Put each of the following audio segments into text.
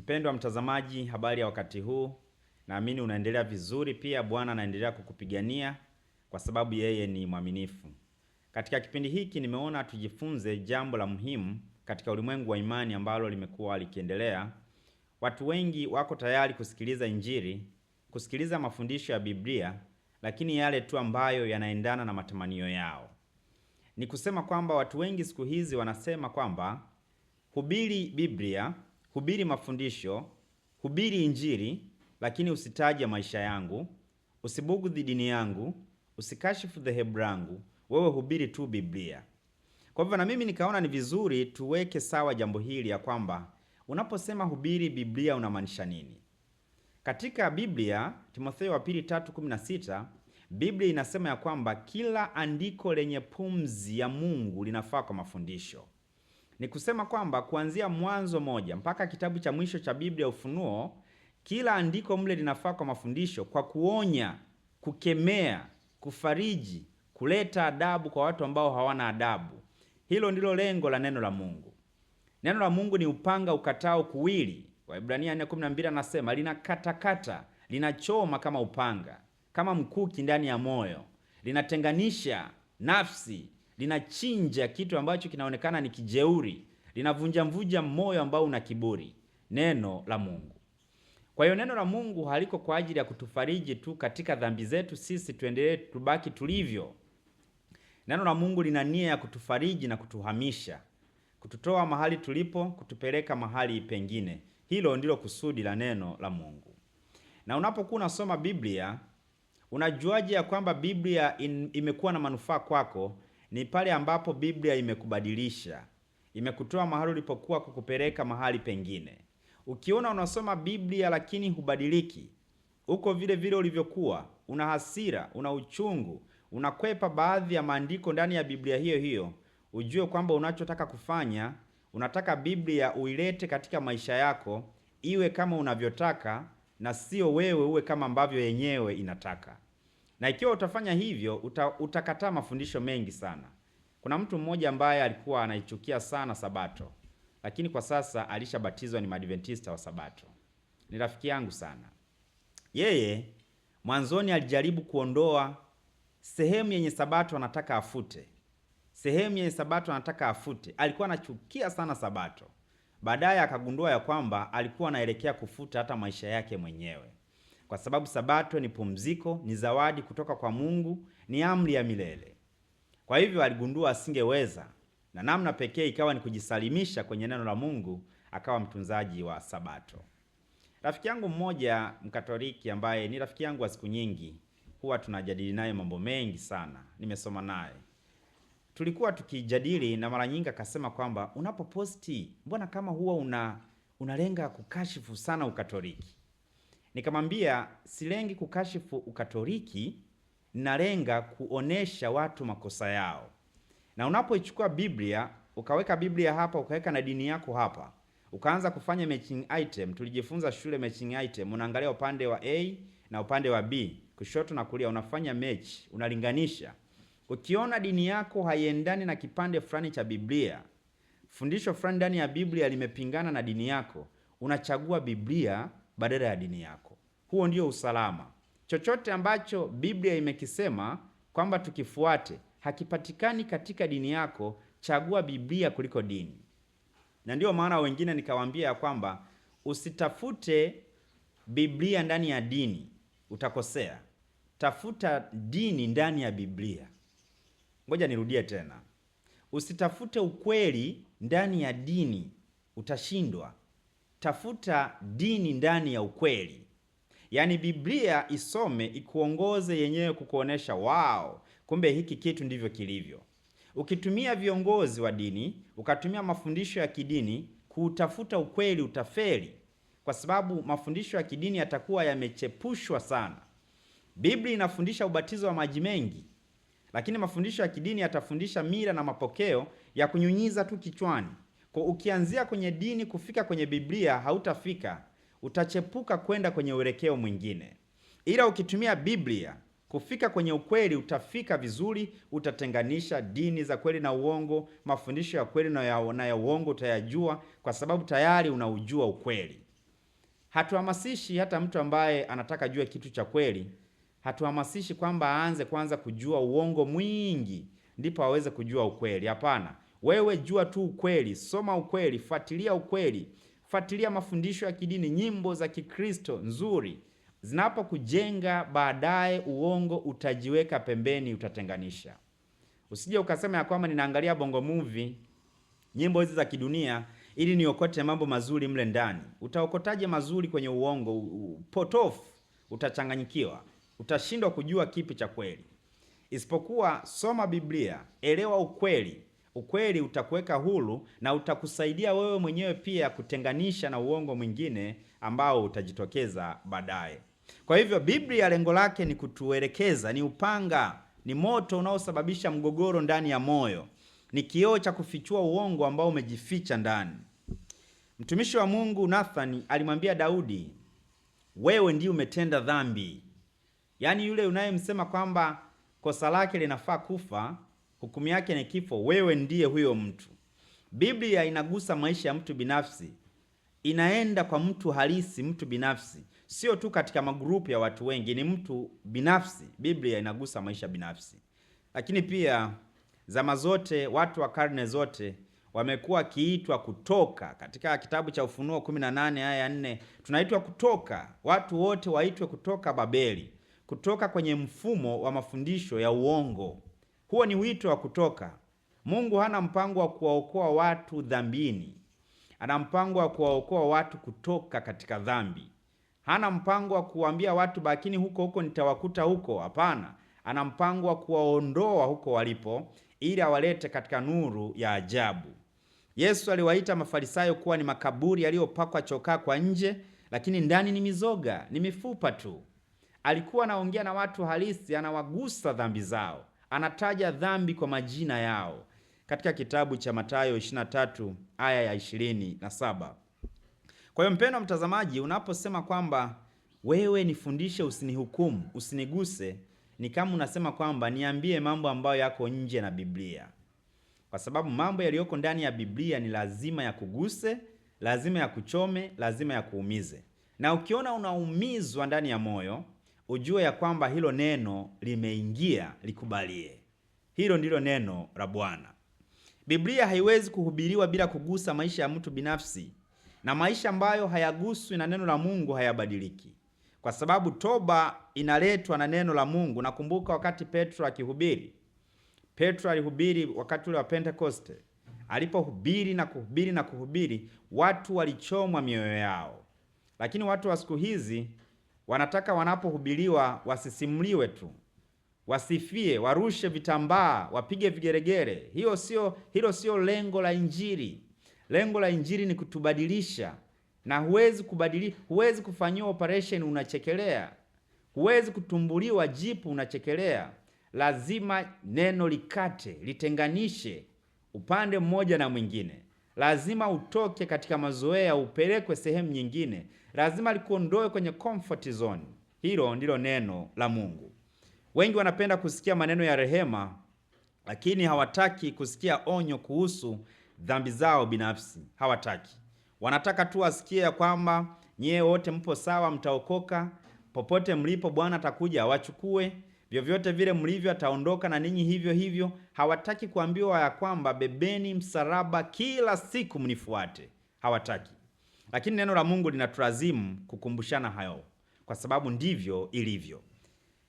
Mpendwa mtazamaji, habari ya wakati huu, naamini unaendelea vizuri. Pia Bwana anaendelea kukupigania kwa sababu yeye ni mwaminifu. Katika kipindi hiki nimeona tujifunze jambo la muhimu katika ulimwengu wa imani ambalo limekuwa likiendelea. Watu wengi wako tayari kusikiliza Injili, kusikiliza mafundisho ya Biblia, lakini yale tu ambayo yanaendana na matamanio yao. Ni kusema kwamba watu wengi siku hizi wanasema kwamba hubiri Biblia hubiri mafundisho, hubiri Injili, lakini usitaje maisha yangu, usibugudhi dini yangu, usikashifu dhehebu langu, wewe hubiri tu Biblia. Kwa hivyo na mimi nikaona ni vizuri tuweke sawa jambo hili ya kwamba unaposema hubiri Biblia unamaanisha nini? Katika Biblia, Timotheo wa pili 3:16, Biblia inasema ya kwamba kila andiko lenye pumzi ya Mungu linafaa kwa mafundisho ni kusema kwamba kuanzia Mwanzo moja mpaka kitabu cha mwisho cha Biblia Ufunuo, kila andiko mle linafaa kwa mafundisho, kwa kuonya, kukemea, kufariji, kuleta adabu kwa watu ambao hawana adabu. Hilo ndilo lengo la neno la Mungu. Neno la Mungu ni upanga ukatao kuwili, Waibrania 4:12 anasema linakatakata, linachoma kama upanga, kama mkuki ndani ya moyo, linatenganisha nafsi linachinja kitu ambacho kinaonekana ni kijeuri, linavunja mvuja moyo ambao una kiburi, neno la Mungu. Kwa hiyo neno la Mungu haliko kwa ajili ya kutufariji tu katika dhambi zetu sisi tuendelee tubaki tulivyo. Neno la Mungu lina nia ya kutufariji na kutuhamisha, kututoa mahali tulipo, kutupeleka mahali pengine. Hilo ndilo kusudi la neno la Mungu. Na unapokuwa unasoma Biblia, unajuaje ya kwamba Biblia imekuwa na manufaa kwako ni pale ambapo Biblia imekubadilisha, imekutoa mahali ulipokuwa kukupeleka mahali pengine. Ukiona unasoma Biblia lakini hubadiliki, uko vile vile ulivyokuwa, una hasira, una uchungu, unakwepa baadhi ya maandiko ndani ya Biblia hiyo hiyo, ujue kwamba unachotaka kufanya, unataka Biblia uilete katika maisha yako iwe kama unavyotaka na sio wewe uwe kama ambavyo yenyewe inataka na ikiwa utafanya hivyo uta, utakataa mafundisho mengi sana. Kuna mtu mmoja ambaye alikuwa anaichukia sana Sabato, lakini kwa sasa alishabatizwa ni Madventista wa Sabato. Ni rafiki yangu sana. Yeye mwanzoni alijaribu kuondoa sehemu yenye Sabato, anataka afute sehemu yenye Sabato, anataka afute. Alikuwa anachukia sana Sabato. Baadaye akagundua ya kwamba alikuwa anaelekea kufuta hata maisha yake mwenyewe kwa sababu Sabato ni pumziko, ni zawadi kutoka kwa Mungu, ni amri ya milele. Kwa hivyo aligundua asingeweza, na namna pekee ikawa ni kujisalimisha kwenye neno la Mungu, akawa mtunzaji wa Sabato. Rafiki yangu mmoja Mkatoliki ambaye ni rafiki yangu wa siku nyingi, huwa tunajadili naye mambo mengi sana, nimesoma naye, tulikuwa tukijadili, na mara nyingi akasema kwamba unapoposti, mbona kama huwa una unalenga kukashifu sana Ukatoliki Nikamwambia silengi kukashifu Ukatoliki, nalenga kuonesha watu makosa yao. Na unapoichukua Biblia ukaweka Biblia hapa ukaweka na dini yako hapa, ukaanza kufanya matching item. Tulijifunza shule matching item, unaangalia upande wa A na upande wa B, kushoto na kulia, unafanya match, unalinganisha. Ukiona dini yako haiendani na kipande fulani cha Biblia, fundisho fulani ndani ya Biblia limepingana na dini yako, unachagua Biblia badala ya dini yako. Huo ndio usalama. Chochote ambacho Biblia imekisema kwamba tukifuate hakipatikani katika dini yako, chagua Biblia kuliko dini. Na ndiyo maana wengine nikawaambia ya kwamba usitafute Biblia ndani ya dini, utakosea. Tafuta dini ndani ya Biblia. Ngoja nirudie tena, usitafute ukweli ndani ya dini, utashindwa tafuta dini ndani ya ukweli, yaani Biblia isome ikuongoze yenyewe kukuonesha wao, kumbe hiki kitu ndivyo kilivyo. Ukitumia viongozi wa dini, ukatumia mafundisho ya kidini kutafuta ukweli, utafeli, kwa sababu mafundisho ya kidini yatakuwa yamechepushwa sana. Biblia inafundisha ubatizo wa maji mengi, lakini mafundisho ya kidini yatafundisha mira na mapokeo ya kunyunyiza tu kichwani. Kwa ukianzia kwenye dini kufika kwenye Biblia hautafika, utachepuka kwenda kwenye uelekeo mwingine, ila ukitumia Biblia kufika kwenye ukweli utafika vizuri. Utatenganisha dini za kweli na uongo, mafundisho ya kweli na ya, na ya uongo utayajua, kwa sababu tayari unaujua ukweli. Hatuhamasishi hata mtu ambaye anataka jua kitu cha kweli, hatuhamasishi kwamba aanze kwanza kujua uongo mwingi ndipo aweze kujua ukweli. Hapana. Wewe jua tu ukweli, soma ukweli, fuatilia ukweli, fuatilia mafundisho ya kidini, nyimbo za Kikristo nzuri zinapokujenga. Baadaye uongo utajiweka pembeni, utatenganisha. Usije ukasema ya kwamba ninaangalia bongo movie, nyimbo hizi za kidunia ili niokote mambo mazuri mle ndani. Utaokotaje mazuri kwenye uongo potofu? Utachanganyikiwa, utashindwa kujua kipi cha kweli. Isipokuwa soma Biblia, elewa ukweli Ukweli utakuweka huru na utakusaidia wewe mwenyewe pia kutenganisha na uongo mwingine ambao utajitokeza baadaye. Kwa hivyo Biblia lengo lake ni kutuelekeza, ni upanga, ni moto unaosababisha mgogoro ndani ya moyo, ni kioo cha kufichua uongo ambao umejificha ndani. Mtumishi wa Mungu Nathani alimwambia Daudi, wewe ndiye umetenda dhambi, yaani yule unayemsema kwamba kosa lake linafaa kufa hukumu yake ni kifo, wewe ndiye huyo mtu. Biblia inagusa maisha ya mtu binafsi, inaenda kwa mtu halisi, mtu binafsi, sio tu katika magrupu ya watu wengi, ni mtu binafsi. Biblia inagusa maisha binafsi, lakini pia zama zote, watu wa karne zote wamekuwa wakiitwa kutoka. Katika kitabu cha Ufunuo 18 aya 4 tunaitwa kutoka, watu wote waitwe kutoka Babeli, kutoka kwenye mfumo wa mafundisho ya uongo huo ni wito wa kutoka. Mungu hana mpango wa kuwaokoa watu dhambini, ana mpango wa kuwaokoa watu kutoka katika dhambi. Hana mpango wa kuwaambia watu bakini huko huko, nitawakuta huko. Hapana, ana mpango wa kuwaondoa huko walipo, ili awalete katika nuru ya ajabu. Yesu aliwaita Mafarisayo kuwa ni makaburi yaliyopakwa chokaa kwa nje, lakini ndani ni mizoga, ni mifupa tu. Alikuwa anaongea na watu halisi, anawagusa dhambi zao anataja dhambi kwa majina yao katika kitabu cha Mathayo 23 aya ya 27. Kwa hiyo mpendwa mtazamaji, unaposema kwamba wewe nifundishe, usinihukumu, usiniguse, ni kama unasema kwamba niambie mambo ambayo yako nje na Biblia, kwa sababu mambo yaliyoko ndani ya Biblia ni lazima ya kuguse lazima ya kuchome lazima yakuumize. Na ukiona unaumizwa ndani ya moyo ujue ya kwamba hilo neno limeingia, likubalie. Hilo ndilo neno la Bwana. Biblia haiwezi kuhubiriwa bila kugusa maisha ya mtu binafsi, na maisha ambayo hayaguswi na neno la Mungu hayabadiliki, kwa sababu toba inaletwa na neno la Mungu. Nakumbuka wakati Petro akihubiri, Petro alihubiri wakati ule wa Pentekoste. Alipohubiri na kuhubiri na kuhubiri, watu walichomwa mioyo yao. Lakini watu wa siku hizi wanataka wanapohubiriwa wasisimuliwe tu, wasifie, warushe vitambaa, wapige vigeregere. Hiyo sio, hilo sio lengo la Injili. Lengo la Injili ni kutubadilisha, na huwezi kubadili, huwezi kufanyiwa operation unachekelea, huwezi kutumbuliwa jipu unachekelea. Lazima neno likate, litenganishe upande mmoja na mwingine lazima utoke katika mazoea, upelekwe sehemu nyingine, lazima likuondoe kwenye comfort zone. Hilo ndilo neno la Mungu. Wengi wanapenda kusikia maneno ya rehema, lakini hawataki kusikia onyo kuhusu dhambi zao binafsi. Hawataki, wanataka tu wasikie ya kwamba nyie wote mpo sawa, mtaokoka, popote mlipo Bwana atakuja awachukue Vyovyote vile mlivyo ataondoka na ninyi hivyo hivyo. Hawataki kuambiwa ya kwamba bebeni msalaba kila siku mnifuate, hawataki. Lakini neno la Mungu linatulazimu kukumbushana hayo, kwa sababu ndivyo ilivyo.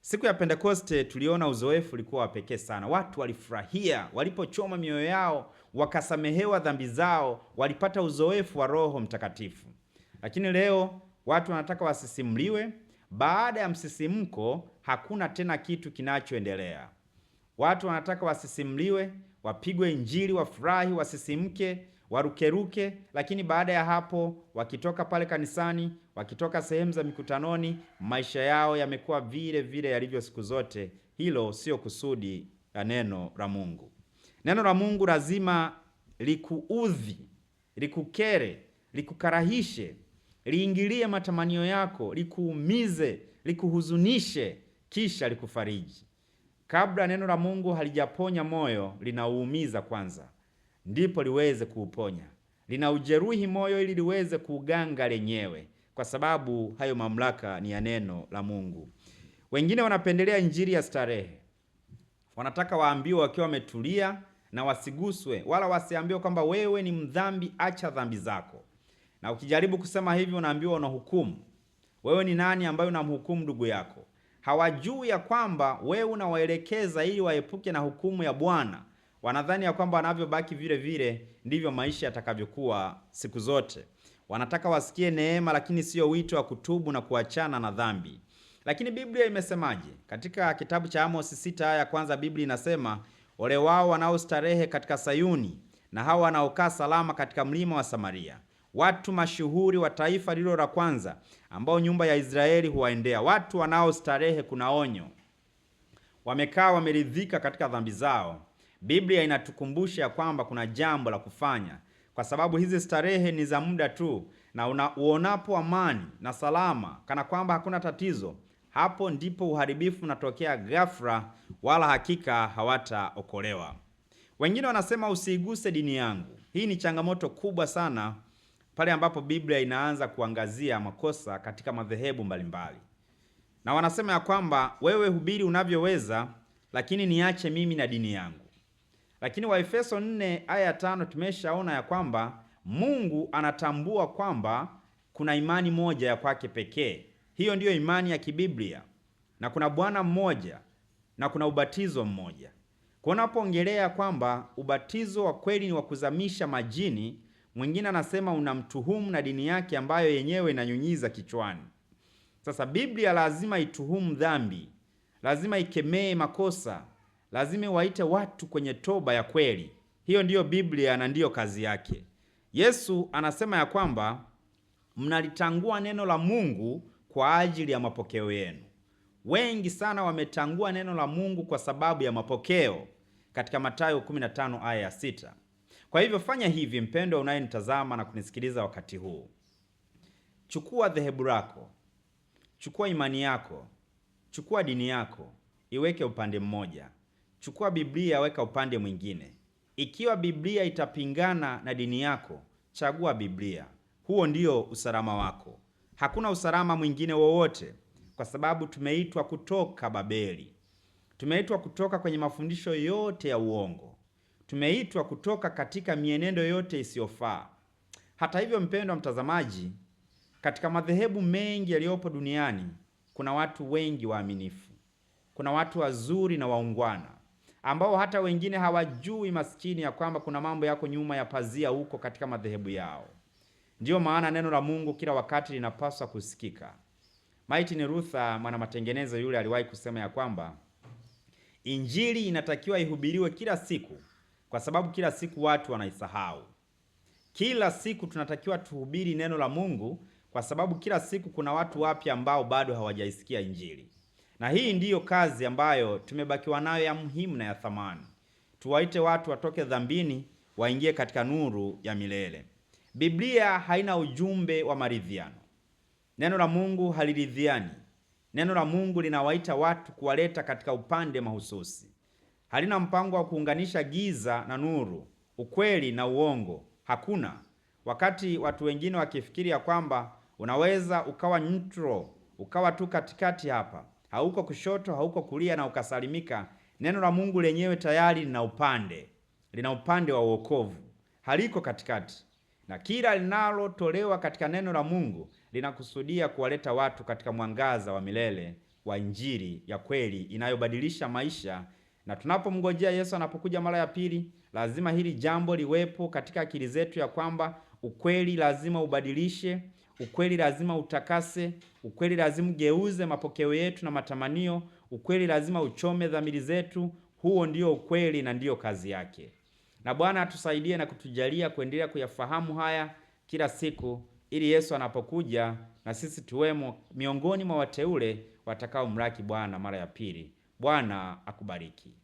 Siku ya Pentekoste tuliona uzoefu ulikuwa wa pekee sana. Watu walifurahia walipochoma mioyo yao, wakasamehewa dhambi zao, walipata uzoefu wa Roho Mtakatifu. Lakini leo watu wanataka wasisimliwe baada ya msisimko hakuna tena kitu kinachoendelea. Watu wanataka wasisimliwe, wapigwe Injili, wafurahi, wasisimke, warukeruke, lakini baada ya hapo, wakitoka pale kanisani, wakitoka sehemu za mikutanoni, maisha yao yamekuwa vile vile yalivyo siku zote. Hilo sio kusudi la neno la Mungu. Neno la Mungu lazima likuudhi, likukere, likukarahishe liingilie matamanio yako, likuumize, likuhuzunishe, kisha likufariji. Kabla neno la Mungu halijaponya moyo, linauumiza kwanza, ndipo liweze kuuponya. Linaujeruhi moyo ili liweze kuuganga lenyewe, kwa sababu hayo mamlaka ni ya neno la Mungu. Wengine wanapendelea injili ya starehe, wanataka waambiwe wakiwa wametulia na wasiguswe, wala wasiambiwe kwamba wewe ni mdhambi, acha dhambi zako. Na ukijaribu kusema hivi, unaambiwa unahukumu. Wewe ni nani ambaye unamhukumu ndugu yako? Hawajui ya kwamba wewe unawaelekeza ili waepuke na hukumu ya Bwana. Wanadhani ya kwamba wanavyobaki vile vile ndivyo maisha yatakavyokuwa siku zote. Wanataka wasikie neema, lakini sio wito wa kutubu na kuachana na dhambi. Lakini Biblia imesemaje? Katika kitabu cha Amos sita aya ya kwanza Biblia inasema, ole wao wanaostarehe katika Sayuni na hao wanaokaa salama katika mlima wa Samaria watu mashuhuri wa taifa lilo la kwanza ambao nyumba ya Israeli huwaendea. Watu wanaostarehe kuna onyo, wamekaa wameridhika katika dhambi zao. Biblia inatukumbusha kwamba kuna jambo la kufanya, kwa sababu hizi starehe ni za muda tu, na uonapo amani na salama kana kwamba hakuna tatizo, hapo ndipo uharibifu unatokea ghafla, wala hakika hawataokolewa. Wengine wanasema usiiguse dini yangu. Hii ni changamoto kubwa sana pale ambapo Biblia inaanza kuangazia makosa katika madhehebu mbalimbali, na wanasema ya kwamba wewe hubiri unavyoweza, lakini niache mimi na dini yangu. Lakini Waefeso 4 aya 5 tumeshaona ya kwamba Mungu anatambua kwamba kuna imani moja ya kwake pekee, hiyo ndiyo imani ya kibiblia, na kuna Bwana mmoja na kuna ubatizo mmoja. Kwa unapoongelea kwamba ubatizo wa kweli ni wa kuzamisha majini Mwingine anasema unamtuhumu na dini yake ambayo yenyewe inanyunyiza kichwani. Sasa Biblia lazima ituhumu dhambi, lazima ikemee makosa, lazima waite watu kwenye toba ya kweli. Hiyo ndiyo Biblia na ndiyo kazi yake. Yesu anasema ya kwamba mnalitangua neno la Mungu kwa ajili ya mapokeo yenu. Wengi sana wametangua neno la Mungu kwa sababu ya mapokeo, katika Mathayo 15 aya ya 6. Kwa hivyo fanya hivi, mpendwa unayenitazama na kunisikiliza wakati huu, chukua dhehebu lako, chukua imani yako, chukua dini yako, iweke upande mmoja, chukua Biblia, weka upande mwingine. Ikiwa Biblia itapingana na dini yako, chagua Biblia. Huo ndio usalama wako, hakuna usalama mwingine wowote, kwa sababu tumeitwa kutoka Babeli, tumeitwa kutoka kwenye mafundisho yote ya uongo tumeitwa kutoka katika mienendo yote isiyofaa. Hata hivyo, mpendwa mtazamaji, katika madhehebu mengi yaliyopo duniani kuna watu wengi waaminifu, kuna watu wazuri na waungwana ambao hata wengine hawajui masikini ya kwamba kuna mambo yako nyuma ya pazia huko katika madhehebu yao. Ndiyo maana neno la Mungu kila wakati linapaswa kusikika. Martin Luther, mwana matengenezo yule, aliwahi kusema ya kwamba Injili inatakiwa ihubiriwe kila siku kwa sababu kila siku watu wanaisahau. Kila siku tunatakiwa tuhubiri neno la Mungu kwa sababu kila siku kuna watu wapya ambao bado hawajaisikia Injili, na hii ndiyo kazi ambayo tumebakiwa nayo ya muhimu na ya thamani. Tuwaite watu watoke dhambini, waingie katika nuru ya milele. Biblia haina ujumbe wa maridhiano. Neno la Mungu haliridhiani. Neno la Mungu linawaita watu, kuwaleta katika upande mahususi halina mpango wa kuunganisha giza na nuru, ukweli na uongo, hakuna. Wakati watu wengine wakifikiri ya kwamba unaweza ukawa neutral, ukawa tu katikati hapa, hauko kushoto, hauko kulia na ukasalimika, neno la Mungu lenyewe tayari lina upande, lina upande wa wokovu, haliko katikati, na kila linalotolewa katika neno la Mungu linakusudia kuwaleta watu katika mwangaza wa milele wa Injili ya kweli inayobadilisha maisha na tunapomngojea Yesu anapokuja mara ya pili, lazima hili jambo liwepo katika akili zetu ya kwamba ukweli lazima ubadilishe, ukweli lazima utakase, ukweli lazima ugeuze mapokeo yetu na matamanio, ukweli lazima uchome dhamiri zetu. Huo ndio ukweli na ndiyo kazi yake. Na Bwana atusaidie na kutujalia kuendelea kuyafahamu haya kila siku, ili Yesu anapokuja na sisi tuwemo miongoni mwa wateule watakaomlaki Bwana mara ya pili. Bwana akubariki.